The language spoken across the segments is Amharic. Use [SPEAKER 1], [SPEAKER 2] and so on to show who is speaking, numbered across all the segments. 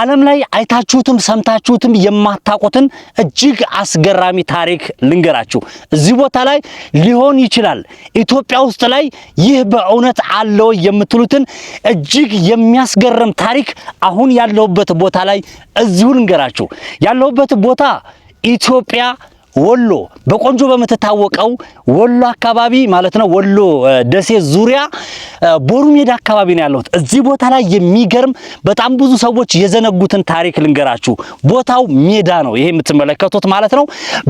[SPEAKER 1] ዓለም ላይ አይታችሁትም ሰምታችሁትም የማታውቁትን እጅግ አስገራሚ ታሪክ ልንገራችሁ። እዚህ ቦታ ላይ ሊሆን ይችላል ኢትዮጵያ ውስጥ ላይ ይህ በእውነት አለው የምትሉትን እጅግ የሚያስገርም ታሪክ አሁን ያለሁበት ቦታ ላይ እዚሁ ልንገራችሁ። ያለሁበት ቦታ ኢትዮጵያ ወሎ በቆንጆ በምትታወቀው ወሎ አካባቢ ማለት ነው። ወሎ ደሴ ዙሪያ ቦሩ ሜዳ አካባቢ ነው ያለሁት። እዚህ ቦታ ላይ የሚገርም በጣም ብዙ ሰዎች የዘነጉትን ታሪክ ልንገራችሁ። ቦታው ሜዳ ነው፣ ይሄ የምትመለከቱት ማለት ነው።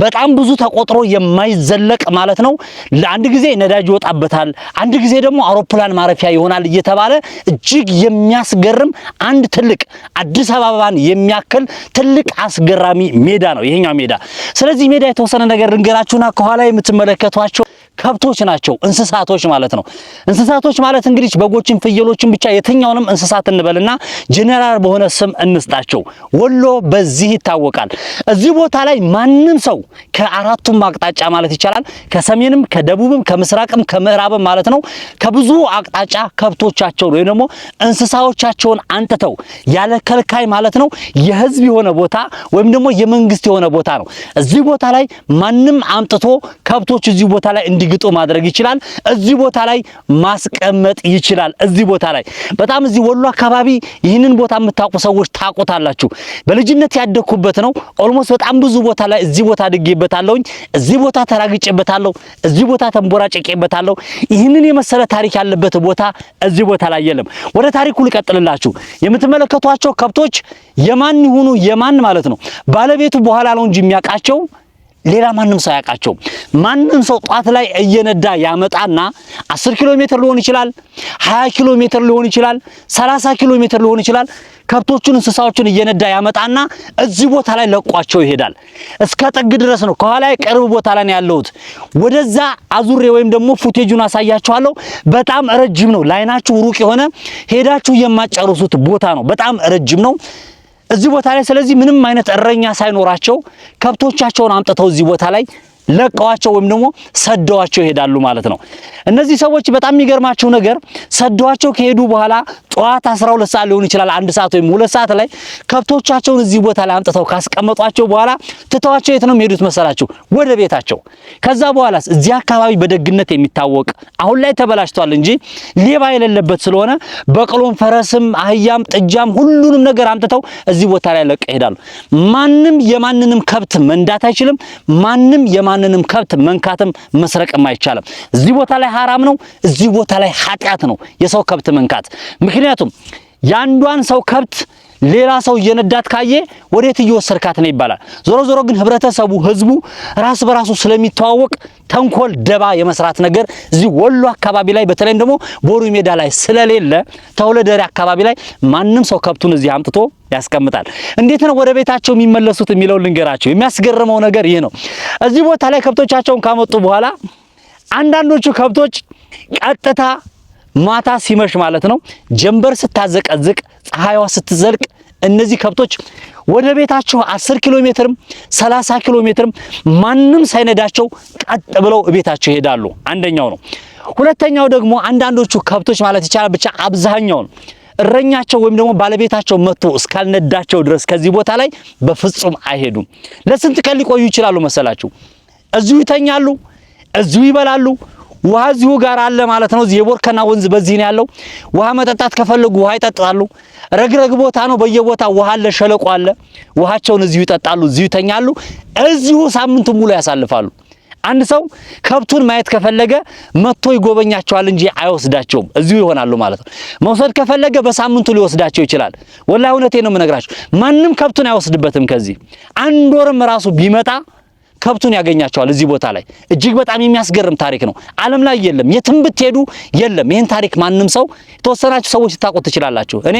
[SPEAKER 1] በጣም ብዙ ተቆጥሮ የማይዘለቅ ማለት ነው። አንድ ጊዜ ነዳጅ ይወጣበታል፣ አንድ ጊዜ ደግሞ አውሮፕላን ማረፊያ ይሆናል እየተባለ እጅግ የሚያስገርም አንድ ትልቅ አዲስ አበባን የሚያክል ትልቅ አስገራሚ ሜዳ ነው ይሄኛው ሜዳ። ስለዚህ ሜዳ የተወሰነ ነገር ልንገራችሁና ከኋላ የምትመለከቷቸው ከብቶች ናቸው፣ እንስሳቶች ማለት ነው። እንስሳቶች ማለት እንግዲህ በጎችን፣ ፍየሎችን ብቻ የትኛውንም እንስሳት እንበልና ጄኔራል በሆነ ስም እንስጣቸው። ወሎ በዚህ ይታወቃል። እዚህ ቦታ ላይ ማንም ሰው ከአራቱም አቅጣጫ ማለት ይቻላል ከሰሜንም፣ ከደቡብም፣ ከምስራቅም፣ ከምዕራብም ማለት ነው ከብዙ አቅጣጫ ከብቶቻቸውን ወይም ደግሞ እንስሳዎቻቸውን አንጥተው ያለ ከልካይ ማለት ነው የህዝብ የሆነ ቦታ ወይም ደግሞ የመንግስት የሆነ ቦታ ነው። እዚህ ቦታ ላይ ማንም አምጥቶ ከብቶች እዚህ ቦታ ላይ እንዲ ግጦ ማድረግ ይችላል። እዚህ ቦታ ላይ ማስቀመጥ ይችላል። እዚህ ቦታ ላይ በጣም እዚህ ወሎ አካባቢ ይህንን ቦታ የምታውቁ ሰዎች ታውቁታላችሁ። በልጅነት ያደግኩበት ነው። ኦልሞስት በጣም ብዙ ቦታ ላይ እዚህ ቦታ አድጌበታለሁኝ፣ እዚህ ቦታ ተራግጬበታለሁ፣ እዚህ ቦታ ተንቦራጭቄበታለሁ። ይህንን የመሰለ ታሪክ ያለበት ቦታ እዚህ ቦታ ላይ የለም። ወደ ታሪኩ ልቀጥልላችሁ። የምትመለከቷቸው ከብቶች የማን ይሁኑ የማን ማለት ነው ባለቤቱ በኋላ ነው እንጂ የሚያውቃቸው ሌላ ማንም ሰው አያውቃቸውም። ማንም ሰው ጧት ላይ እየነዳ ያመጣና 10 ኪሎ ሜትር ሊሆን ይችላል፣ 20 ኪሎ ሜትር ሊሆን ይችላል፣ 30 ኪሎ ሜትር ሊሆን ይችላል። ከብቶቹን እንስሳዎቹን እየነዳ ያመጣና እዚህ ቦታ ላይ ለቋቸው ይሄዳል። እስከ ጥግ ድረስ ነው። ከኋላ ቅርብ ቦታ ላይ ነው ያለሁት። ወደዛ አዙሬ ወይም ደግሞ ፉቴጁን አሳያችኋለሁ። በጣም ረጅም ነው። ላይናችሁ ሩቅ የሆነ ሄዳችሁ የማጨርሱት ቦታ ነው። በጣም ረጅም ነው። እዚህ ቦታ ላይ ስለዚህ ምንም አይነት እረኛ ሳይኖራቸው ከብቶቻቸውን አምጥተው እዚህ ቦታ ላይ ለቀዋቸው ወይም ደግሞ ሰደዋቸው ይሄዳሉ ማለት ነው። እነዚህ ሰዎች በጣም የሚገርማቸው ነገር ሰደዋቸው ከሄዱ በኋላ ጠዋት 12 ሰዓት ሊሆን ይችላል አንድ ሰዓት ወይም ሁለት ሰዓት ላይ ከብቶቻቸውን እዚህ ቦታ ላይ አምጥተው ካስቀመጧቸው በኋላ ትተዋቸው የት ነው የሚሄዱት መሰላችሁ? ወደ ቤታቸው። ከዛ በኋላስ እዚህ አካባቢ በደግነት የሚታወቅ አሁን ላይ ተበላሽቷል እንጂ ሌባ የሌለበት ስለሆነ በቅሎም፣ ፈረስም፣ አህያም፣ ጥጃም ሁሉንም ነገር አምጥተው እዚህ ቦታ ላይ ለቀ ይሄዳሉ። ማንም የማንንም ከብት መንዳት አይችልም። ማንም የማ የማንንም ከብት መንካትም መስረቅም አይቻልም። እዚህ ቦታ ላይ ሐራም ነው፣ እዚህ ቦታ ላይ ኃጢአት ነው የሰው ከብት መንካት። ምክንያቱም የአንዷን ሰው ከብት ሌላ ሰው እየነዳት ካየ ወዴት እየወሰድካት ነው ይባላል። ዞሮ ዞሮ ግን ህብረተሰቡ፣ ህዝቡ ራስ በራሱ ስለሚተዋወቅ ተንኮል፣ ደባ የመስራት ነገር እዚህ ወሎ አካባቢ ላይ በተለይም ደግሞ ቦሩ ሜዳ ላይ ስለሌለ ተውለደሪ አካባቢ ላይ ማንም ሰው ከብቱን እዚህ አምጥቶ ያስቀምጣል። እንዴት ነው ወደ ቤታቸው የሚመለሱት የሚለው ልንገራቸው። የሚያስገርመው ነገር ይህ ነው። እዚህ ቦታ ላይ ከብቶቻቸውን ካመጡ በኋላ አንዳንዶቹ ከብቶች ቀጥታ ማታ ሲመሽ ማለት ነው ጀንበር ስታዘቀዝቅ ፀሐይዋ ስትዘልቅ እነዚህ ከብቶች ወደ ቤታቸው 10 ኪሎ ሜትርም 30 ኪሎ ሜትርም ማንም ሳይነዳቸው ቀጥ ብለው ቤታቸው ይሄዳሉ። አንደኛው ነው። ሁለተኛው ደግሞ አንዳንዶቹ ከብቶች ማለት ይቻላል ብቻ አብዛኛውን እረኛቸው ወይም ደግሞ ባለቤታቸው መጥቶ እስካልነዳቸው ድረስ ከዚህ ቦታ ላይ በፍጹም አይሄዱም። ለስንት ቀን ሊቆዩ ይችላሉ መሰላችሁ? እዚሁ ይተኛሉ፣ እዚሁ ይበላሉ ውሃ እዚሁ ጋር አለ ማለት ነው። እዚህ የቦርከና ወንዝ በዚህ ነው ያለው። ውሃ መጠጣት ከፈለጉ ውሃ ይጠጣሉ። ረግረግ ቦታ ነው። በየቦታ ውሃ አለ፣ ሸለቆ አለ። ውሃቸውን እዚሁ ይጠጣሉ፣ እዚሁ ይተኛሉ፣ እዚሁ ሳምንቱን ሙሉ ያሳልፋሉ። አንድ ሰው ከብቱን ማየት ከፈለገ መጥቶ ይጎበኛቸዋል እንጂ አይወስዳቸውም። እዚሁ ይሆናሉ ማለት ነው። መውሰድ ከፈለገ በሳምንቱ ሊወስዳቸው ይችላል። ወላሂ እውነቴ ነው የምነግራችሁ። ማንም ከብቱን አይወስድበትም። ከዚህ አንድ ወርም ራሱ ቢመጣ ከብቱን ያገኛቸዋል እዚህ ቦታ ላይ። እጅግ በጣም የሚያስገርም ታሪክ ነው። ዓለም ላይ የለም፣ የትም ብትሄዱ የለም። ይህን ታሪክ ማንም ሰው የተወሰናችሁ ሰዎች ልታውቁት ትችላላችሁ። እኔ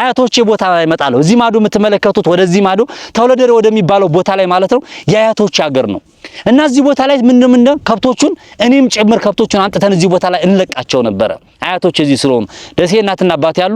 [SPEAKER 1] አያቶቼ ቦታ ላይ እመጣለሁ። እዚህ ማዶ የምትመለከቱት ወደዚህ ማዶ ተውለደሬ ወደሚባለው ቦታ ላይ ማለት ነው የአያቶች ሀገር ነው እና እዚህ ቦታ ላይ ምንድን ምንድን ከብቶቹን እኔም ጭምር ከብቶቹን አምጥተን እዚህ ቦታ ላይ እንለቃቸው ነበረ አያቶች እዚህ ስለሆኑ ደሴ እናትና አባት ያሉ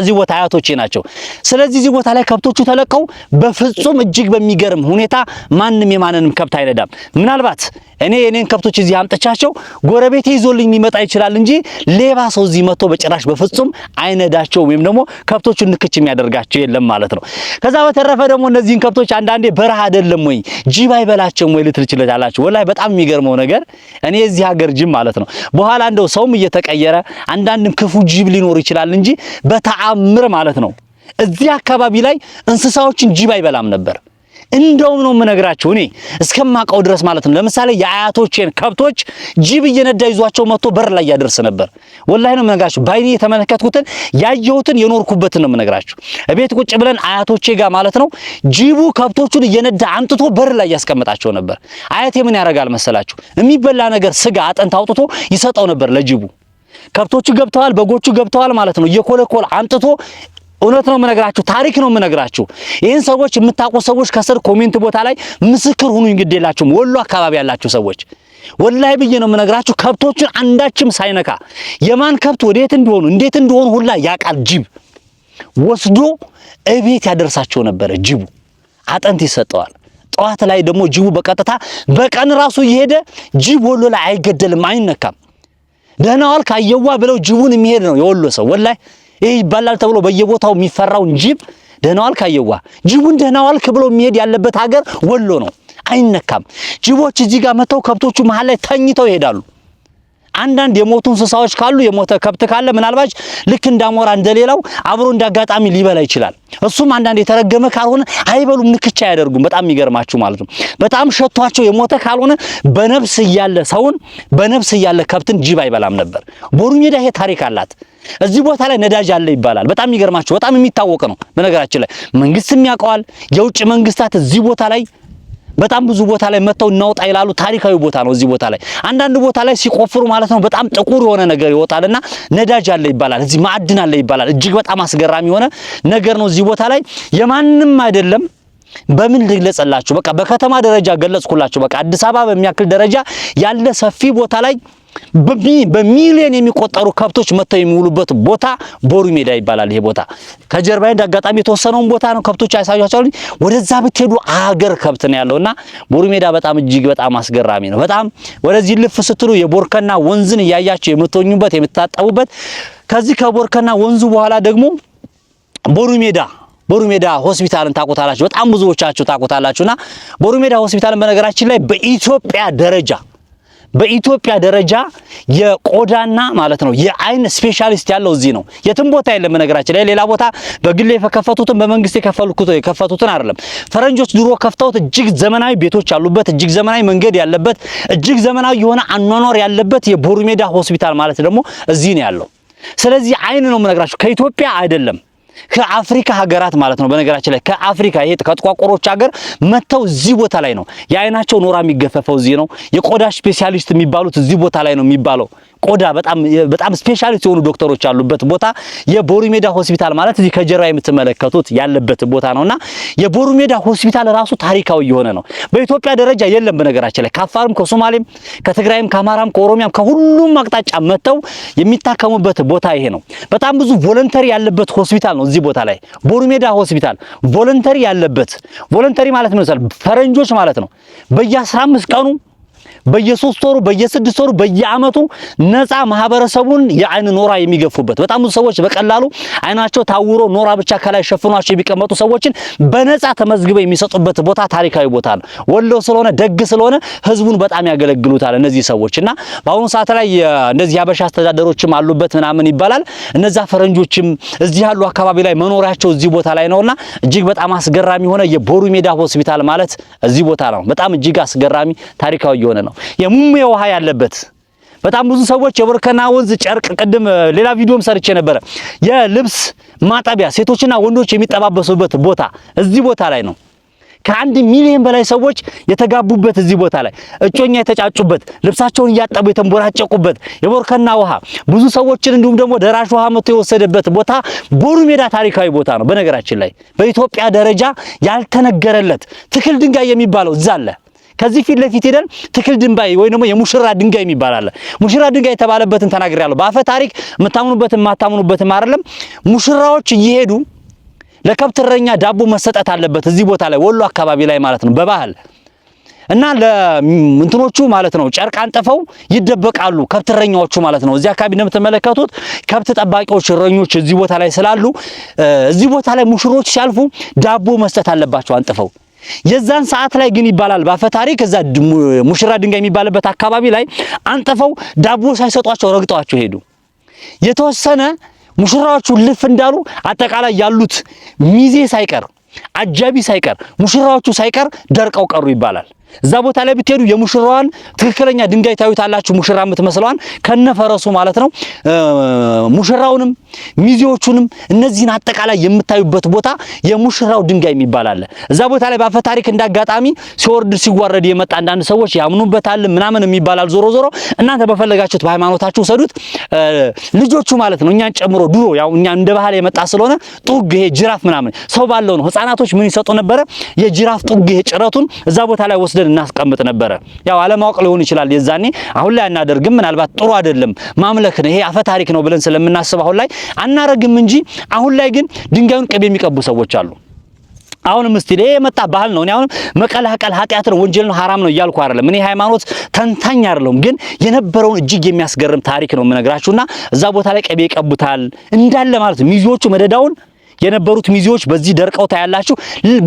[SPEAKER 1] እዚህ ቦታ አያቶቼ ናቸው። ስለዚህ እዚህ ቦታ ላይ ከብቶቹ ተለቀው በፍጹም እጅግ በሚገርም ሁኔታ ማንም የማንንም ከብት አይነዳም። ምናልባት እኔ የኔን ከብቶች እዚህ አምጥቻቸው ጎረቤቴ ይዞልኝ ሊመጣ ይችላል እንጂ ሌባ ሰው እዚህ መጥቶ በጭራሽ በፍጹም አይነዳቸው ወይም ደግሞ ከብቶቹን ንክች የሚያደርጋቸው የለም ማለት ነው። ከዛ በተረፈ ደግሞ እነዚህን ከብቶች አንዳንዴ በረሃ አይደለም ወይ ጅብ አይበላቸውም ወይ ልትል ይችላላችሁ። ወላሂ በጣም የሚገርመው ነገር እኔ የዚህ ሀገር ጅብ ማለት ነው በኋላ እንደው ሰውም እየተቀየረ አንዳንድም ክፉ ጅብ ሊኖር ይችላል እንጂ በታ በተአምር ማለት ነው። እዚህ አካባቢ ላይ እንስሳዎችን ጅብ አይበላም ነበር። እንደውም ነው የምነግራቸው እኔ እስከማውቀው ድረስ ማለት ነው። ለምሳሌ የአያቶቼን ከብቶች ጅብ እየነዳ ይዟቸው መጥቶ በር ላይ ያደርስ ነበር። ወላሂ ነው የምነግራችሁ፣ ባይኔ የተመለከትኩትን ያየሁትን የኖርኩበትን ነው የምነግራችሁ። እቤት ቁጭ ብለን አያቶቼ ጋር ማለት ነው ጅቡ ከብቶቹን እየነዳ አምጥቶ በር ላይ ያስቀምጣቸው ነበር። አያቴ ምን ያደርጋል መሰላችሁ? የሚበላ ነገር ስጋ፣ አጥንት አውጥቶ ይሰጠው ነበር ለጅቡ ከብቶቹ ገብተዋል፣ በጎቹ ገብተዋል ማለት ነው። እየኮለኮለ አምጥቶ እውነት ነው የምነግራችሁ፣ ታሪክ ነው የምነግራችሁ። ይህን ሰዎች የምታውቁ ሰዎች ከስር ኮሜንት ቦታ ላይ ምስክር ሁኑ። ግድ ወሎ አካባቢ ያላችሁ ሰዎች ወላይ ብዬ ነው የምነግራችሁ። ከብቶቹን አንዳችም ሳይነካ የማን ከብት ወዴት እንደሆኑ እንዴት እንደሆኑ ሁላ ያውቃል። ጅብ ወስዶ እቤት ያደርሳቸው ነበረ። ጅቡ አጠንት ይሰጠዋል። ጠዋት ላይ ደግሞ ጅቡ በቀጥታ በቀን ራሱ እየሄደ ጅብ ወሎ ላይ አይገደልም፣ አይነካም። ደህናዋል ካየዋ ብለው ጅቡን የሚሄድ ነው የወሎ ሰው። ወላይ ይህ ይባላል ተብሎ በየቦታው የሚፈራውን ጅብ ደህናዋል ካየዋ ጅቡን ዋልክ ብሎ የሚሄድ ያለበት ሀገር ወሎ ነው። አይነካም። ጅቦች እዚህ ጋር መተው ከብቶቹ መሃል ላይ ተኝተው ይሄዳሉ። አንዳንድ የሞቱ እንስሳዎች ካሉ የሞተ ከብት ካለ ምናልባች ልክ እንዳሞራ እንደሌላው አብሮ እንዳጋጣሚ ሊበላ ይችላል። እሱም አንዳንድ የተረገመ ካልሆነ አይበሉም፣ ንክቻ አያደርጉም። በጣም የሚገርማችሁ ማለት ነው። በጣም ሸቷቸው የሞተ ካልሆነ በነፍስ እያለ ሰውን በነፍስ እያለ ከብትን ጅብ አይበላም ነበር። ቦሩ ይሄ ታሪክ አላት። እዚህ ቦታ ላይ ነዳጅ አለ ይባላል። በጣም የሚገርማችሁ በጣም የሚታወቅ ነው። በነገራችን ላይ መንግስትም ያውቀዋል። የውጭ መንግስታት እዚህ ቦታ ላይ በጣም ብዙ ቦታ ላይ መጥተው እናውጣ ይላሉ። ታሪካዊ ቦታ ነው። እዚህ ቦታ ላይ አንዳንድ ቦታ ላይ ሲቆፍሩ ማለት ነው በጣም ጥቁር የሆነ ነገር ይወጣልና ነዳጅ አለ ይባላል። እዚህ ማዕድን አለ ይባላል። እጅግ በጣም አስገራሚ የሆነ ነገር ነው። እዚህ ቦታ ላይ የማንም አይደለም በምን ልግለጽላችሁ? በቃ በከተማ ደረጃ ገለጽኩላችሁ። በቃ አዲስ አበባ በሚያክል ደረጃ ያለ ሰፊ ቦታ ላይ በሚሊዮን የሚቆጠሩ ከብቶች መጥተው የሚውሉበት ቦታ ቦሩ ሜዳ ይባላል። ይሄ ቦታ ከጀርባ እንደ አጋጣሚ የተወሰነውን ቦታ ነው። ከብቶች አይሳያቸዋል። ወደዛ ብትሄዱ አገር ከብት ነው ያለውና ቦሩ ሜዳ በጣም እጅግ በጣም አስገራሚ ነው። በጣም ወደዚህ ልፍ ስትሉ የቦርከና ወንዝን እያያቸው የምትወኙበት የምትታጠቡበት ከዚህ ከቦርከና ወንዙ በኋላ ደግሞ ቦሩ ሜዳ ቦሩሜዳ ሆስፒታልን ታቆታላችሁ። በጣም ብዙዎቻችሁ ታቆታላችሁና ቦሩሜዳ ሆስፒታልን በነገራችን ላይ በኢትዮጵያ ደረጃ በኢትዮጵያ ደረጃ የቆዳና ማለት ነው የአይን ስፔሻሊስት ያለው እዚህ ነው። የትም ቦታ የለም። በነገራችን ላይ ሌላ ቦታ በግሌ የከፈቱትን በመንግስት የከፈቱትን አይደለም። ፈረንጆች ድሮ ከፍተውት እጅግ ዘመናዊ ቤቶች ያሉበት፣ እጅግ ዘመናዊ መንገድ ያለበት፣ እጅግ ዘመናዊ የሆነ አኗኗር ያለበት የቦሩሜዳ ሆስፒታል ማለት ደግሞ እዚህ ነው ያለው። ስለዚህ አይን ነው የምነግራችሁ ከኢትዮጵያ አይደለም። ከአፍሪካ ሀገራት ማለት ነው። በነገራችን ላይ ከአፍሪካ ይሄ ከጥቋቆሮች ሀገር መጥተው እዚህ ቦታ ላይ ነው የአይናቸው ኖራ የሚገፈፈው እዚህ ነው። የቆዳ ስፔሻሊስት የሚባሉት እዚህ ቦታ ላይ ነው የሚባለው ቆዳ በጣም በጣም ስፔሻሊስት የሆኑ ዶክተሮች ያሉበት ቦታ የቦሩ ሜዳ ሆስፒታል ማለት እዚህ ከጀርባ የምትመለከቱት ያለበት ቦታ ነውና የቦሩ ሜዳ ሆስፒታል ራሱ ታሪካዊ የሆነ ነው። በኢትዮጵያ ደረጃ የለም። በነገራችን ላይ ከአፋርም፣ ከሶማሌም፣ ከትግራይም፣ ከአማራም፣ ከኦሮሚያም ከሁሉም አቅጣጫ መጥተው የሚታከሙበት ቦታ ይሄ ነው። በጣም ብዙ ቮለንተሪ ያለበት ሆስፒታል ነው። እዚህ ቦታ ላይ ቦሩ ሜዳ ሆስፒታል ቮለንተሪ ያለበት ቮለንተሪ ማለት ምን ፈረንጆች ማለት ነው በየ15 ቀኑ በየሶስት ወሩ በየስድስት ወሩ በየዓመቱ ነፃ ማህበረሰቡን የአይን ኖራ የሚገፉበት በጣም ብዙ ሰዎች በቀላሉ አይናቸው ታውሮ ኖራ ብቻ ከላይ ሸፍኗቸው የሚቀመጡ ሰዎችን በነፃ ተመዝግበው የሚሰጡበት ቦታ ታሪካዊ ቦታ ነው። ወሎ ስለሆነ ደግ ስለሆነ ህዝቡን በጣም ያገለግሉታል እነዚህ ሰዎች እና በአሁኑ ሰዓት ላይ እንደዚህ የሀበሻ አስተዳደሮችም አሉበት ምናምን ይባላል። እነዛ ፈረንጆችም እዚህ ያሉ አካባቢ ላይ መኖሪያቸው እዚህ ቦታ ላይ ነውና እጅግ በጣም አስገራሚ የሆነ የቦሩ ሜዳ ሆስፒታል ማለት እዚህ ቦታ ነው። በጣም እጅግ አስገራሚ ታሪካዊ የሆነ ነው። ነው። የሙሜ ውሃ ያለበት በጣም ብዙ ሰዎች የቦርከና ወንዝ ጨርቅ ቅድም ሌላ ቪዲዮም ሰርቼ ነበረ። የልብስ ማጠቢያ ሴቶችና ወንዶች የሚጠባበሱበት ቦታ እዚህ ቦታ ላይ ነው። ከአንድ ሚሊዮን በላይ ሰዎች የተጋቡበት እዚህ ቦታ ላይ እጮኛ የተጫጩበት ልብሳቸውን እያጠቡ የተንቦራጨቁበት የቦርከና ውሃ ብዙ ሰዎችን እንዲሁም ደግሞ ደራሽ ውሃ መጥቶ የወሰደበት ቦታ ቦሩ ሜዳ ታሪካዊ ቦታ ነው። በነገራችን ላይ በኢትዮጵያ ደረጃ ያልተነገረለት ትክል ድንጋይ የሚባለው እዛ አለ። ከዚህ ፊት ለፊት ሄደን ትክል ድንባይ ወይ ደግሞ የሙሽራ ድንጋይ የሚባል አለ። ሙሽራ ድንጋይ የተባለበትን ተናግሬያለሁ። በአፈ ታሪክ የምታምኑበት የማታምኑበትም አይደለም። ሙሽራዎች እየሄዱ ለከብት እረኛ ዳቦ መሰጠት አለበት። እዚህ ቦታ ላይ ወሎ አካባቢ ላይ ማለት ነው በባህል እና ለእንትኖቹ ማለት ነው ጨርቅ አንጥፈው ይደበቃሉ፣ ከብት እረኛዎቹ ማለት ነው። እዚህ አካባቢ እንደምትመለከቱት ከብት ጠባቂዎች እረኞች እዚህ ቦታ ላይ ስላሉ እዚህ ቦታ ላይ ሙሽሮች ሲያልፉ ዳቦ መስጠት አለባቸው አንጥፈው የዛን ሰዓት ላይ ግን ይባላል ባፈታሪክ እዛ ሙሽራ ድንጋይ የሚባልበት አካባቢ ላይ አንጥፈው ዳቦ ሳይሰጧቸው ረግጠዋቸው ሄዱ። የተወሰነ ሙሽራዎቹ ልፍ እንዳሉ አጠቃላይ ያሉት ሚዜ ሳይቀር አጃቢ ሳይቀር ሙሽራዎቹ ሳይቀር ደርቀው ቀሩ ይባላል። እዛ ቦታ ላይ ብትሄዱ የሙሽራዋን ትክክለኛ ድንጋይ ታዩታላችሁ። ሙሽራ የምትመስለዋን ከነፈረሱ ማለት ነው። ሙሽራውንም ሚዜዎቹንም እነዚህን አጠቃላይ የምታዩበት ቦታ የሙሽራው ድንጋይ የሚባል አለ። እዛ ቦታ ላይ ባፈ ታሪክ እንዳጋጣሚ ሲወርድ ሲዋረድ የመጣ አንዳንድ ሰዎች ያምኑበታል ምናምን የሚባላል። ዞሮ ዞሮ እናንተ በፈለጋችሁት በሃይማኖታችሁ ሰዱት። ልጆቹ ማለት ነው እኛን ጨምሮ ድሮ ያው እኛ እንደ ባህል የመጣ ስለሆነ ጡግ ይሄ ጅራፍ ምናምን ሰው ባለው ነው። ህፃናቶች ምን ይሰጡ ነበረ? የጅራፍ ጡግ ይሄ ጭረቱን እዛ ቦታ ላይ ወስደ አድርገን እናስቀምጥ ነበረ። ያው አለማወቅ ሊሆን ይችላል የዛኔ። አሁን ላይ አናደርግም፣ ምናልባት ጥሩ አይደለም ማምለክ ነው ይሄ አፈ ታሪክ ነው ብለን ስለምናስብ አሁን ላይ አናረግም እንጂ አሁን ላይ ግን ድንጋዩን ቅቤ የሚቀቡ ሰዎች አሉ። አሁን ምስቲ ይሄ የመጣ ባህል ነው። እኔ መቀላቀል ኃጢአት ነው ወንጀል ነው ሐራም ነው እያልኩ አይደለም። እኔ ሃይማኖት ተንታኝ አይደለሁም፣ ግን የነበረውን እጅግ የሚያስገርም ታሪክ ነው የምነግራችሁና እዛ ቦታ ላይ ቅቤ ይቀቡታል እንዳለ ማለት ነው ሚዜዎቹ መደዳውን የነበሩት ሚዜዎች በዚህ ደርቀው ታያላችሁ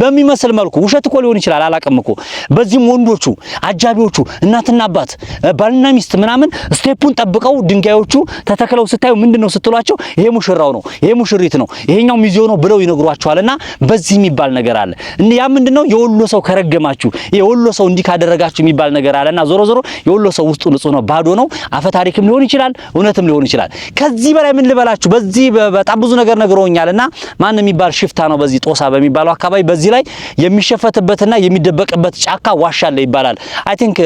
[SPEAKER 1] በሚመስል መልኩ። ውሸት እኮ ሊሆን ይችላል አላቅም እኮ። በዚህም ወንዶቹ አጃቢዎቹ፣ እናትና አባት፣ ባልና ሚስት ምናምን ስቴፑን ጠብቀው ድንጋዮቹ ተተክለው ስታዩ ምንድን ነው ስትሏቸው ይሄ ሙሽራው ነው፣ ይሄ ሙሽሪት ነው፣ ይሄኛው ሚዜው ነው ብለው ይነግሯቸዋልና በዚህ የሚባል ነገር አለ። ያ ነው የወሎ ሰው ከረገማችሁ የወሎ ሰው እንዲህ ካደረጋችሁ የሚባል ነገር አለና ዞሮ ዞሮ የወሎ ሰው ውስጡ ንጹህ ነው፣ ባዶ ነው። አፈ ታሪክም ሊሆን ይችላል፣ እውነትም ሊሆን ይችላል። ከዚህ በላይ ምን ልበላችሁ? በዚህ በጣም ብዙ ነገር ነግረውኛልና ማን የሚባል ሽፍታ ነው በዚህ ጦሳ በሚባለው አካባቢ በዚህ ላይ የሚሸፈትበትና የሚደበቅበት ጫካ ዋሻ አለ ይባላል። አይ ቲንክ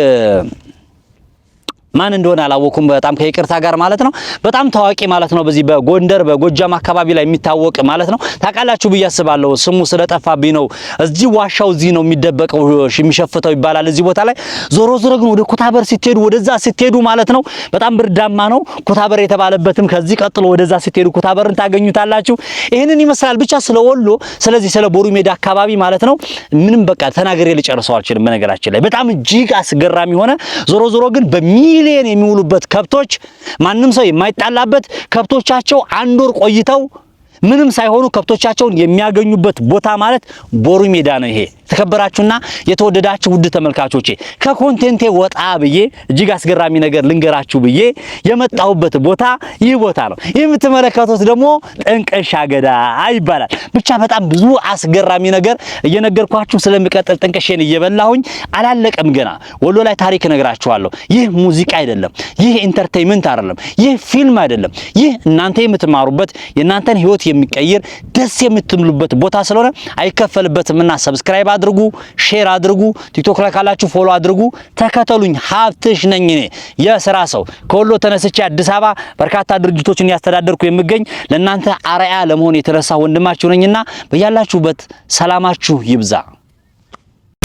[SPEAKER 1] ማን እንደሆነ አላወኩም። በጣም ከይቅርታ ጋር ማለት ነው። በጣም ታዋቂ ማለት ነው። በዚህ በጎንደር በጎጃም አካባቢ ላይ የሚታወቅ ማለት ነው። ታውቃላችሁ ብዬ አስባለሁ። ስሙ ስለጠፋብኝ ነው። እዚህ ዋሻው እዚህ ነው የሚደበቀው የሚሸፍተው ይባላል እዚህ ቦታ ላይ። ዞሮ ዞሮ ግን ወደ ኩታበር ስትሄዱ፣ ወደዛ ስትሄዱ ማለት ነው በጣም ብርዳማ ነው ኩታበር የተባለበትም። ከዚህ ቀጥሎ ወደዛ ስትሄዱ ኩታበርን ታገኙታላችሁ። ይህንን ይመስላል ብቻ ስለ ወሎ፣ ስለዚህ ስለ ቦሩ ሜዳ አካባቢ ማለት ነው ምንም በቃ ተናግሬ ልጨርሰው አልችልም። በነገራችን ላይ በጣም እጅግ አስገራሚ ሆነ ዞሮ ዞሮ ግን በሚ ሚሊየን የሚውሉበት ከብቶች ማንም ሰው የማይጣላበት ከብቶቻቸው አንድ ወር ቆይተው ምንም ሳይሆኑ ከብቶቻቸውን የሚያገኙበት ቦታ ማለት ቦሩ ሜዳ ነው። ይሄ የተከበራችሁና የተወደዳችሁ ውድ ተመልካቾቼ ከኮንቴንቴ ወጣ ብዬ እጅግ አስገራሚ ነገር ልንገራችሁ ብዬ የመጣሁበት ቦታ ይህ ቦታ ነው። ይህ የምትመለከቱት ደግሞ ጥንቅሻ ገዳ ይባላል። ብቻ በጣም ብዙ አስገራሚ ነገር እየነገርኳችሁ ስለሚቀጥል ጥንቅሼን እየበላሁኝ አላለቀም ገና። ወሎ ላይ ታሪክ እነግራችኋለሁ። ይህ ሙዚቃ አይደለም፣ ይህ ኢንተርቴንመንት አይደለም፣ ይህ ፊልም አይደለም። ይህ እናንተ የምትማሩበት የእናንተን ህይወት የሚቀይር ደስ የምትምሉበት ቦታ ስለሆነ አይከፈልበትም እና ሰብስክራይብ አድርጉ፣ ሼር አድርጉ፣ ቲክቶክ ላይ ካላችሁ ፎሎ አድርጉ። ተከተሉኝ። ሀብትሽ ነኝ እኔ የስራ ሰው ከወሎ ተነስቼ አዲስ አበባ በርካታ ድርጅቶችን ያስተዳደርኩ የምገኝ ለእናንተ አርአያ ለመሆን የተነሳ ወንድማችሁ ነኝና በያላችሁበት ሰላማችሁ ይብዛ።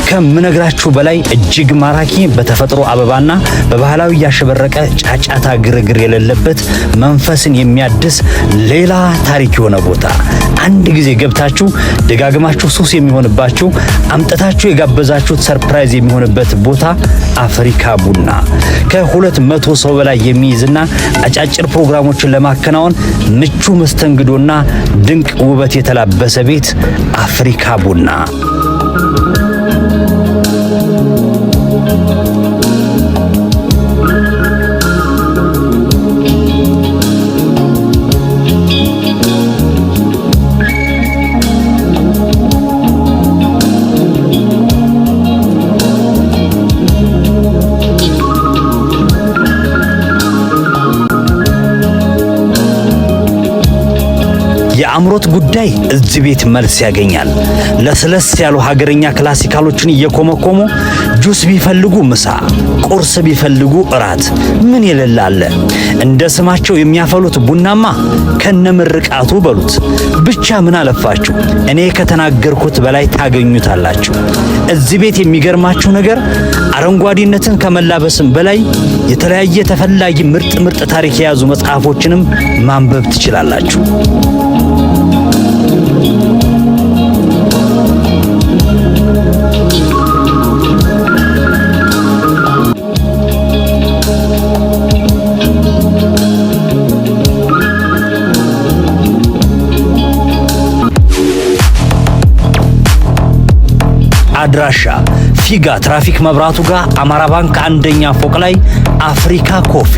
[SPEAKER 2] ከምነግራችሁ በላይ እጅግ ማራኪ በተፈጥሮ አበባና በባህላዊ ያሸበረቀ ጫጫታ ግርግር የሌለበት መንፈስን የሚያድስ ሌላ ታሪክ የሆነ ቦታ አንድ ጊዜ ገብታችሁ ደጋግማችሁ ሱስ የሚሆንባችሁ አምጠታችሁ የጋበዛችሁት ሰርፕራይዝ የሚሆንበት ቦታ አፍሪካ ቡና ከሁለት መቶ ሰው በላይ የሚይዝና አጫጭር ፕሮግራሞችን ለማከናወን ምቹ መስተንግዶና ድንቅ ውበት የተላበሰ ቤት አፍሪካ ቡና you የአምሮት ጉዳይ እዚህ ቤት መልስ ያገኛል። ለስለስ ያሉ ሀገርኛ ክላሲካሎችን እየኮመኮሙ ጁስ ቢፈልጉ ምሳ፣ ቁርስ ቢፈልጉ እራት፣ ምን የሌለ አለ። እንደ ስማቸው የሚያፈሉት ቡናማ ከነምርቃቱ በሉት። ብቻ ምን አለፋችሁ እኔ ከተናገርኩት በላይ ታገኙታላችሁ። እዚህ ቤት የሚገርማችሁ ነገር አረንጓዴነትን ከመላበስም በላይ የተለያየ ተፈላጊ ምርጥ ምርጥ ታሪክ የያዙ መጽሐፎችንም ማንበብ ትችላላችሁ። አድራሻ ፊጋ ትራፊክ መብራቱ ጋር አማራ ባንክ አንደኛ ፎቅ ላይ አፍሪካ ኮፊ